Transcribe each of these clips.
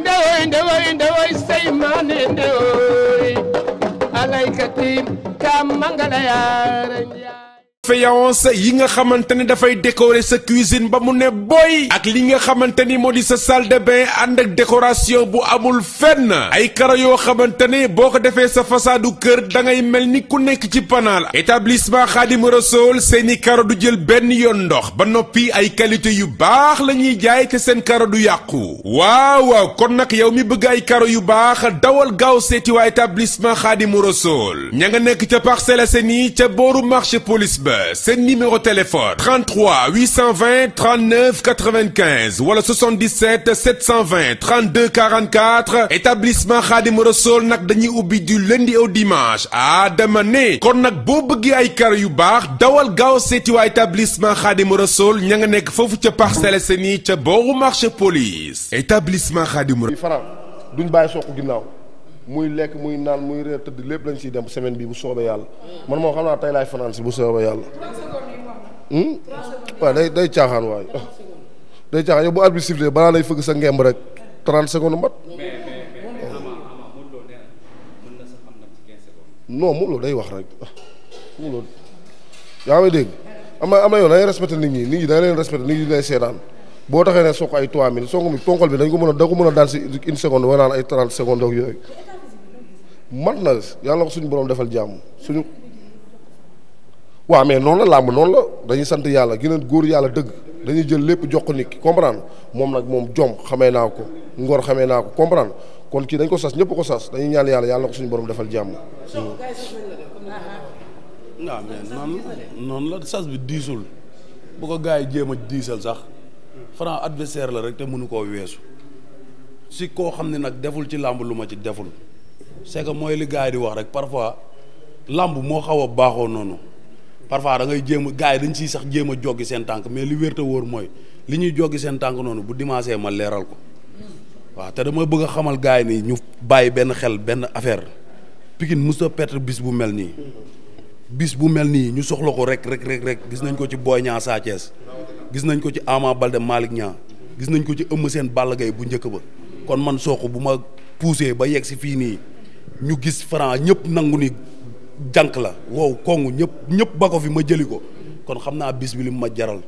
ndewoy ndewoy ndewoy seymane ndewoy alaykati kam mangala yaara faïence yi nga xamante ni dafay décorer sa cuisine ba mu ne boy ak li nga xamante ni moo di sa salle de bain ànd ak décoration bu amul fenn ay karo yoo xamante ni boo ko defee sa façadu kër da ngay mel ni ku nekk ci panaal établissement Khadim Rassoul seeni karo du jël benn yoon ndox ba noppi ay qualité yu baax la ñuy jaay te seen karo du yàqu waaw waaw kon nag yow mi bëgg ay karo yu baax dawal gaaw seeti waa établissement Khadim Rassoul ña nga nekk ca Parcelles Assainies ca booru marché police ba C'est le numéro de téléphone 33 820 39 95 wala 77 720 32 44 établissement Khadim Rassoul pas dañuy ubbi du lundi au dimanche à demain. ne kon a boo bëggee ay yu baax dawal gaaw seeti établissement Khadim Rassoul ña nga nekk foofu Parcelles marché police établissement Khadim Rassoul. duñ muy lek muy nan muy reer tëdd lepp lañ ci dem semaine bi bu soobe yalla man mo xamna tay lay laay bu soobe yalla hmm wa day day caaxaan way day caaxaan yow bu arbitre sifflé bala lay feug sa ngemb rek 30 secondes mat. non Modou Lo day wax rek Modou Lo yaa ngi deg am na am na yoon dañuy nit ñi nit ñi da lay respecter nit ñi lay sétan bo taxé né soog ay 3 minutes soog mi ponkol bi dañ ko mëna da ko mëna dal ci si une seconde wala ay 30 secondes ak yoy mat na yàlla ko suñu borom defal jàmm suñu waa mais noonu la làmb noonu la dañuy sant yàlla gëneen góor yàlla dëgg dañuy jël lépp jox ko nit ki comprendre moom nag moom jom xamee naa ko ngor xamee naa ko comprendre kon kii dañ ko sas ñëpp ko sas dañuy ñaan yàlla yàlla ko suñu borom defal jàmm. waaw mais noonu noonu la sas bi diisul bu ko gars yi jéem a diisal sax Franc adversaire la rek te mënu koo weesu si koo xam ne nag deful ci làmb lu ma ci deful. c'est que mooy li gars yi di wax rek parfois lamb moo xaw a baaxoo noonu parfois da ngay jéem a gars yi dañ siy sax jéem a joggi seen tànk mais li wér wóor mooy li ñuy joggi seen tànk noonu bu dimanche ma leeral ko waaw te dama bëgg xamal gars yi nii ñu bàyyi benn xel benn affaire Pikine musta perte bis bu mel nii bis bu mel nii ñu soxla ko rek rek rek rek gis nañ ko ci Boy Niang Sa gis nañ ko ci Ama Baldé Malick Niang gis nañ ko ci ëmm seen Balla Gaye bu njëkk ba kon man Sokh bu ma poussé ba yegg si fii nii ñu gis Franc ñëpp nangu ni jànk la wow kongu ñëpp ñëpp ba ko fi ma jëli ko kon xam naa bis bi li mu ma jaral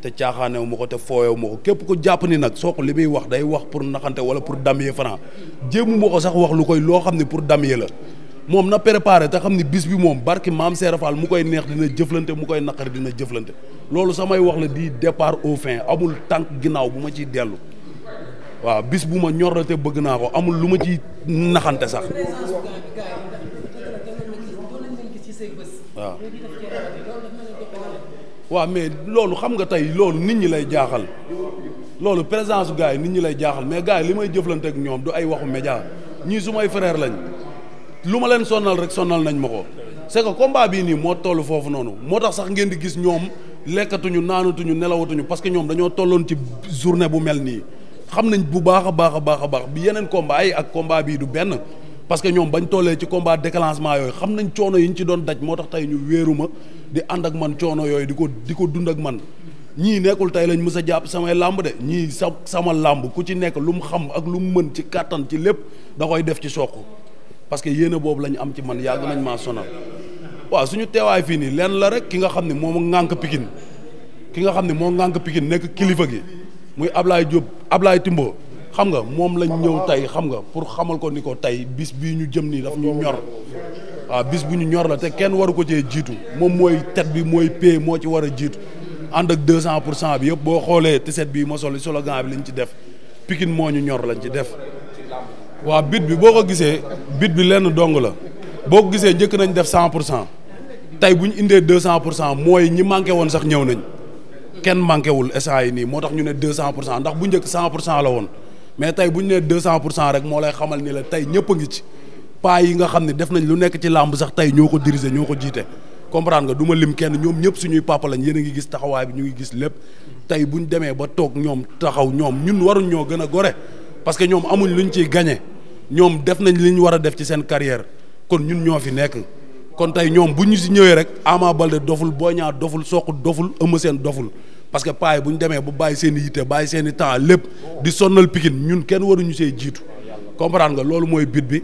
te caaxaanewu ma ko te fooyewu ma ko képp ko jàpp ni nag soo li muy wax day wax pour naxante wala pour damyee Franc jéemu ma ko sax wax lu koy loo xam ne pour damyee la moom na préparé te xam ni bis bi moom barki maam Seera Fall mu koy neex dina jëflante mu koy naqari dina jëflante loolu samay wax la di départ au fin amul tànk ginnaaw bu ma ciy dellu waaw bis bu ma ñor la bëgg naa ko amul lu ma ci naxante sax. waaw. waaw mais loolu xam nga tey loolu nit ñi lay jaaxal loolu présence su yi nit ñi lay jaaxal mais gars yi li may jëflante ak ñoom du ay waxu média ñii su may frère lañ lu ma leen sonnal rek sonnal nañ ma ko c'est que combat bii nii moo toll foofu noonu moo tax sax ngeen di gis ñoom lekkatuñu naanatuñu nelawatuñu parce que ñoom dañoo tolloon ci journée bu mel nii. xam nañ bu baax a baax a baax a baax bi yeneen combat yi ak combat bii du benn parce que ñoom bañ tollee ci combat déclenchement yooyu xam nañ coono yi ñu ci doon daj moo tax tey ñu wéeru ma di ànd ak man coono yooyu di ko di ko dund ak man ñii nekkul tey lañ mës a jàpp samay làmb de ñii sa sama làmb ku ci nekk lu mu xam ak lu mu mën ci kàttan ci lépp da koy def ci soq parce que yéene boobu la ñu am ci man yàgg nañ maa sonal waaw suñu teewaay fii nii lenn la rek ki nga xam ne moom ŋànk Pikine ki nga xam ne moo ŋànk Pikine nekk kilifa gi muy Ablaye Diop Ablaye Timbo xam nga moom lañ ñëw tey xam nga pour xamal ko ni ko tey bis bii ñu jëm nii daf ñu ñor waaw bis bu ñu ñor la te kenn waru ko cee jiitu moom mooy tet bi mooy pay moo ci war a jiitu ànd ak cent pour cent bi yëpp boo xoolee bi bii ma solo slogan bi lañ ci def Pikine moo ñu ñor lañ ci def waaw bit bi boo ko gisee bit bi lenn dong la boo gisee njëkk nañ def cent pour cent tey bu ñu indee cent pour cent mooy ñi manqué woon sax ñëw nañ. kenn manqué wul essence yi nii moo tax ñu ne deux cent pour cent ndax bu njëkk cent pour cent la woon mais tey bu ñu nee deux cent pour cent rek moo lay xamal ni la tey ñëpp a ngi ci paa yi nga xam ne def nañ lu nekk ci làmb sax tey ñoo ko diriger ñoo ko jiite comprendre nga du lim kenn ñoom ñëpp suñuy papa lañ yéen a ngi gis taxawaay bi ñu ngi gis lépp tey bu ñu demee ba toog ñoom taxaw ñoom ñun waruñ ñoo gën a gore parce que ñoom amuñ luñ ciy gagné ñoom def nañ li ñu war a def ci seen carrière kon ñun ñoo fi nekk kon tey ñoom bu ñu si ñëwee rek Ama Baldé doful boo Niang doful sook doful Eumeu seen doful parce que paay bu ñu demee bu bàyyi seen i yitte bàyyi seeni i temps lépp di sonnal Pikine ñun kenn waruñu see jiitu comprendre nga loolu mooy but bi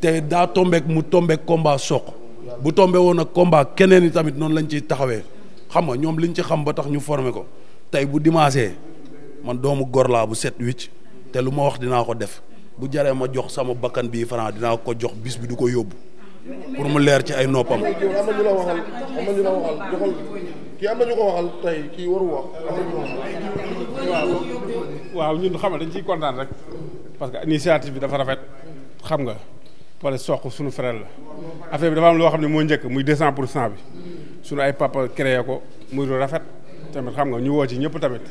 te daa tombeek mu tombeek komba Sokh bu tombe woon ak combat keneen i tamit noonu lañ ciy taxawee xam nga ñoom liñ ci xam ba tax ñu formé ko tey bu dimanche man doomu góor laa bu set wicc te lu ma wax dinaa ko def bu jaree ma jox sama bakkan bii Franc dinaa ko jox bis bi du ko yóbbu pour mu leer ci ay noppam. am na na ñu kii am ko waxal tey kii waru wax ñu waaw dañ ciy kontaan rek parce que initiative bi dafa rafet xam nga wala soq suñu frère la affaire bi dafa am loo xam ne moo njëkk muy deux cent pour cent bi suñu ay papa créé ko muy lu rafet tamit xam nga ñu woo ci ñëpp tamit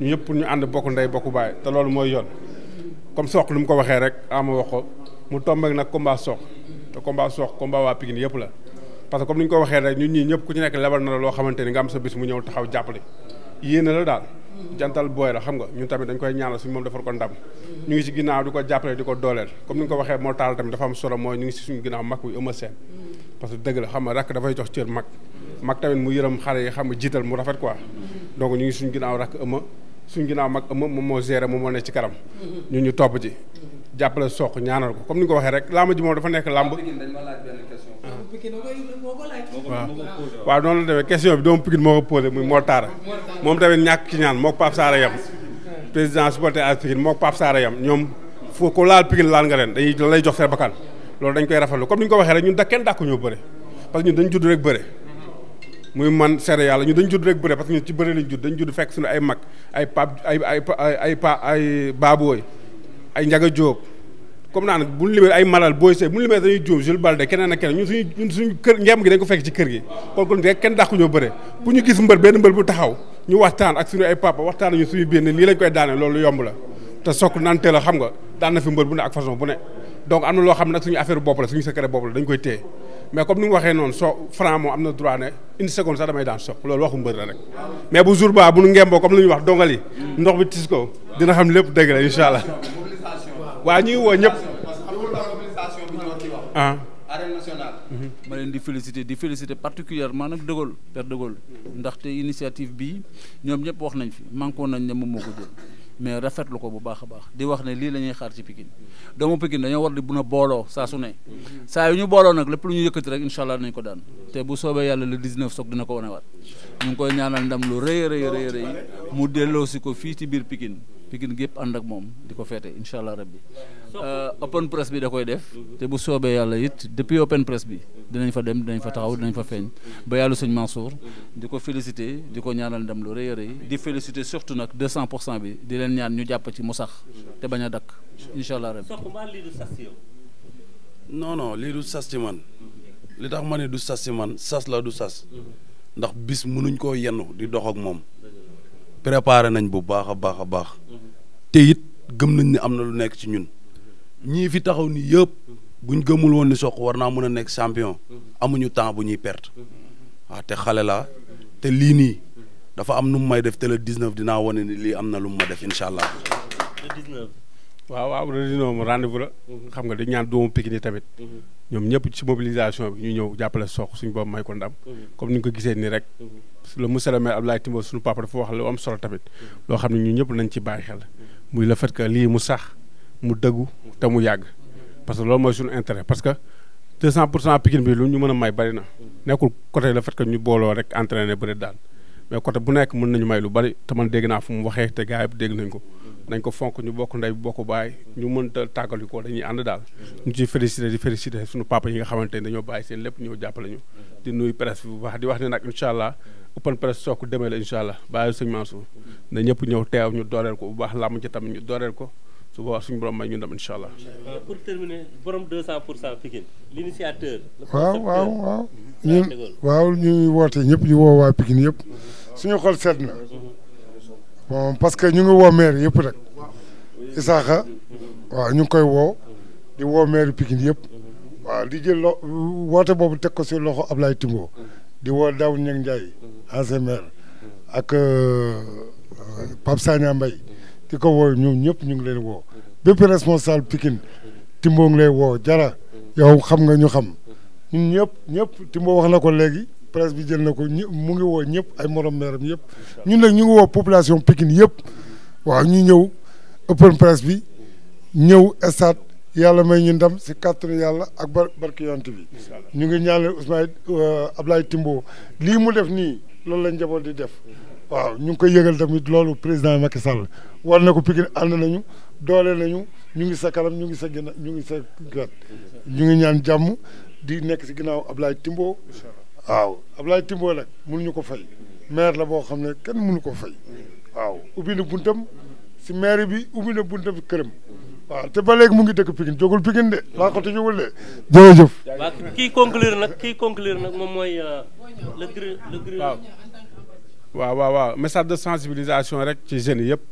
ñu ñëpp pour ñu ànd bokk ndey bokku baay te loolu mooy yoon comme soq lu mu ko waxee rek ama wax ko mu tombé nag combat sook te combat sox combat waa Pikine yëpp la parce que comme ni ñu ko waxee rek ñun ñii ñëpp ku ñu nekk lebal na la loo xamante ni nga am sa bis mu ñëw taxaw jàppale yéene la daal jantal booy la xam nga ñun tamit dañ koy ñaanal suñu moom defal ko ndam ñu ngi si ginnaaw di ko jàppale ko dooleel comme ni nga ko waxee moo taal tamit dafa am solo mooy ñu ngi si mag bi ëma seen parce que dëgg la xam nga rakk dafay jox cër mag mag tamit mu yërëm xale yi xam nga jiital mu rafet ko donc ñu ngi suñ ginnaaw rakk ëma suñ ginnaaw mag ëma moom moo géré moom moo ne ci kanam ñu ñu topp ci jàppale soq ñaanal ko comme ni ko waxee rek làmb ji moom dafa nekk làmb. Ah. waaw noonu la demee question bi doomu Pikine moo ko posé muy Mor Tara moom tamit ñàkk ci ñaan moo ko Pape Saara yam président supporter ak Pikine moo ko Pape Saara yam ñoom foo ko laal Pikine laal nga leen dañuy lay jox seen bakkan loolu dañ koy rafetlu comme ni ko waxee rek ñun da kenn dàkku ñoo bëre parce que ñun dañ judd rek bëre muy man seere yàlla ñun dañ judd rek bëre parce ñun ci bëre lañ judd dañ judd fekk suñu ay mag ay pap ay ay ay pa ay baabooy ay Ndiaga Diop comme naan bu ñu limee ay malal booy sey bu ñu limee dañuy juum Jules Balde keneen ak keneen ñun suñu ñun kër ngeem kenn dàqu ñoo bëre bu ñu gis mbër benn mbër bu taxaw ñu waxtaan ak suñu ay papa waxtaan ñu suñu biir ne nii lañ koy daane loolu yomb la te sok nante la xam nga daan na fi mbër bu ne ak façon bu ne donc am na loo xam ne nag suñu affaire bopp la suñu secret bopp la dañ koy téye mais comme ni mu waxee noonu so franc moom am na droit ne une seconde sax damay ndox bi tis ko dina xam lépp dëgg la incha allah waa ñu woo ñëpp. ah. arène nationale. Mhm. ma leen di féliciter di féliciter particulièrement nag De per Père De Gaulle ndaxte initiative bii ñoom ñëpp wax nañ fi manqué nañ ne moom moo ko jël mais rafetlu ko bu baax a baax di wax ne lii la ñuy xaar ci Pikine doomu Pikine dañoo war di na booloo saa su ne saa yu ñu booloo nag lépp lu ñu yëkkati rek incha allah nañ ko daan te bu soobee yàlla le 19 soog dina ko wanewaat ñu ngi koy ñaanal ndam lu rëy a rëy mu delloosi ko fii ci biir Pikine. Pikine gépp ànd ak moom di ko feete incha allah rabbi euh, open press bi da koy def te bu soobee yàlla it depuis open press bi dinañ fa dem dinañ fa taxaw dinañ fa feeñ ba yàlla sëñ Mansour di ko félicité di ko ñaanal ndam lu rëy a rëy di félicité surtout nag 200 pour cent bi di leen ñaan ñu jàpp ci mu te bañ a dakk incha allah rabbi non non lii du sas ci man li tax ma ne du sas ci man sas la du sas ndax bis mënuñ koo yenn di dox ak moom préparé nañ bu baax a baax a baax te it gëm nañ ni am na lu nekk ci ñun ñii fi taxaw ni yëpp buñ gëmul woon ni sox war naa mën a nekk champion amuñu temps bu ñuy perte waaw te xale la te lii nii dafa am nu mu may def te le 19 dinaa wane lii am na lu mu def incha allah. le 19. waaw waaw le 19 rendez-vous la. xam nga dañ ñaan doomu Pikine tamit. ñoom ñëpp ci mobilisation bi ñu ñëw jàppale soq suñ boobu may ko ndam. comme ni ñu ko gisee nii rek. le monsieur le maire Abdoulaye Timbo suñu papa dafa wax lu am solo tamit. loo xam ne ñun ñëpp nañ ci bàyyi xel. mu le fait que lii mu sax mu dëggu te mu yàgg parce que loolu mooy suñu intérêt parce que 200 pour cent Pikine bi lu ñu mën a may bari na nekkul côté le fait que ñu booloo rek entraîné bëri daal. mais côté bu nekk mën nañu may lu bari te man dégg naa fu mu waxee te gars yi dégg nañ ko nañ ko fonk ñu bokk ndey bokk baay ñu mënta tàggali ko dañuy ànd daal ñu ciy félicité di félicité suñu papa yi nga xamante ne dañoo bàyyi seen lépp ñëw jàppale ñu di nuyu presse bi bu baax di wax ne nag incha allah open presse sook demee la incha allah bàyyi ñëpp ñëw teew ñu dooleel ko bu baax làmm ci tamit ñu dooleel ko su boobaa suñu borom may ñu dem incha allah. Euh, pour terminer borom 200 pour cent Pikine l'initiateur. waaw waaw waaw ñun waaw ñëpp ñu woo waa Pikine yëpp mhm. suñu xol seet na bon parce que ñu ngi woo maire yëpp rek Isaaxa waaw ñu ngi koy woo di woo maire Pikine yëpp waaw di jël lo woote boobu teg ko si loxo Ablaye Timbo di woo Daw Ñeng Ndiaye ancien maire ak euh, Pape Sagna Mbaye di ko woo ñoom ñëpp ñu ngi leen woo bépp responsable Pikine Timbo ngi lay woo jara yow xam nga ñu xam ñun ñëpp ñëpp Timbo wax na ko léegi presse bi jël na ko mu ngi woo ñëpp ay morom meeram yëpp ñun nag ñu ngi woo population Pikine yëpp waaw ñu ñëw open presse bi ñëw stade yàlla may ñu ndam si kàttanu yàlla ak bar barki yant bi ñu ngi ñaanal Ousmane euh, Ablaye Timbo lii mu def nii loolu la njaboot di def waaw ñu ngi koy yëgal tamit loolu président Macky Sall na ko Pikine ànd nañu doole nañu ñu ngi sa ñu ngi sa gën ñu ngi sa ñu ngi ñaan jàmm di nekk si ginnaaw Ablaye Timbo waaw Ablaye Timbo nag mënuñu ko fay maire la boo xam ne kenn mënu ko fay waaw ubi na buntam si maire bi ubbi na buntam këram waaw te ba léegi mu ngi dëkk Pikine jógul Pikine de laa ko tëjowul de jërëjëf. waaw kii conclure nag kii conclure nag moom mooy euh, le gri waaw waaw message de sensibilisation rek ci jeunes yëpp.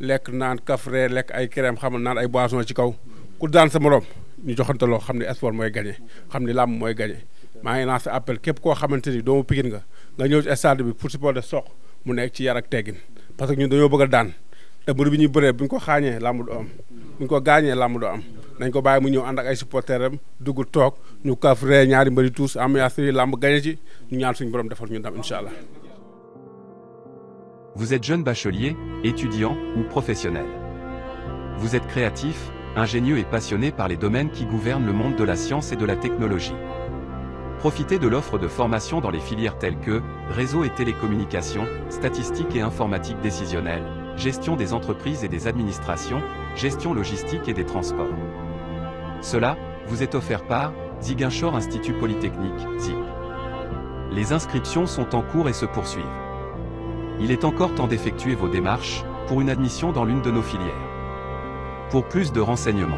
lekk naan kafre lekk ay crème xamal naan ay boisson ci kaw ku daan sa morom ñu joxante loo xam ne sport mooy gagné xam ne làmb mooy gagné maa ngi lancé appel képp koo xamante ni doomu Pikine nga nga ñëw ci stade bi pour supporter Sokh mu nekk ci yar ak teggin parce que ñun dañoo bëgg daan te bi ñuy bëree bu ñu ko xaañee làmb du am ñu ko gaañee làmb du am nañ ko bàyyi mu ñëw ànd ak ay supporters am dugg toog ñu kaf ree ñaari mbëri tous ambiance yi làmb gagné ci ñu ñaan suñu borom defal ñu ndam incha allah Vous êtes jeune bachelier, étudiant ou professionnel. Vous êtes créatif, ingénieux et passionné par les domaines qui gouvernent le monde de la science et de la technologie. Profitez de l'offre de formation dans les filières telles que réseau et télécommunications, statistiques et informatique décisionnelle, gestion des entreprises et des administrations, gestion logistique et des transports. Cela vous est offert par Ziguinchor Institut Polytechnique, ZIP. Les inscriptions sont en cours et se poursuivent il est encore temps d'effectuer vos démarches pour une admission dans l'une de nos filières. Pour plus de renseignements,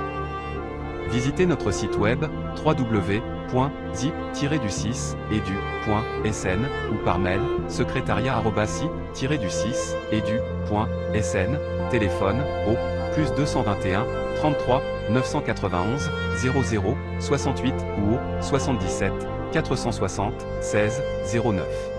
visitez notre site web www.zip-du6edu.sn ou par mail secrétariat-du6-edu.sn, téléphone au plus 221 33 991 00 68 ou au 77 460 16 09.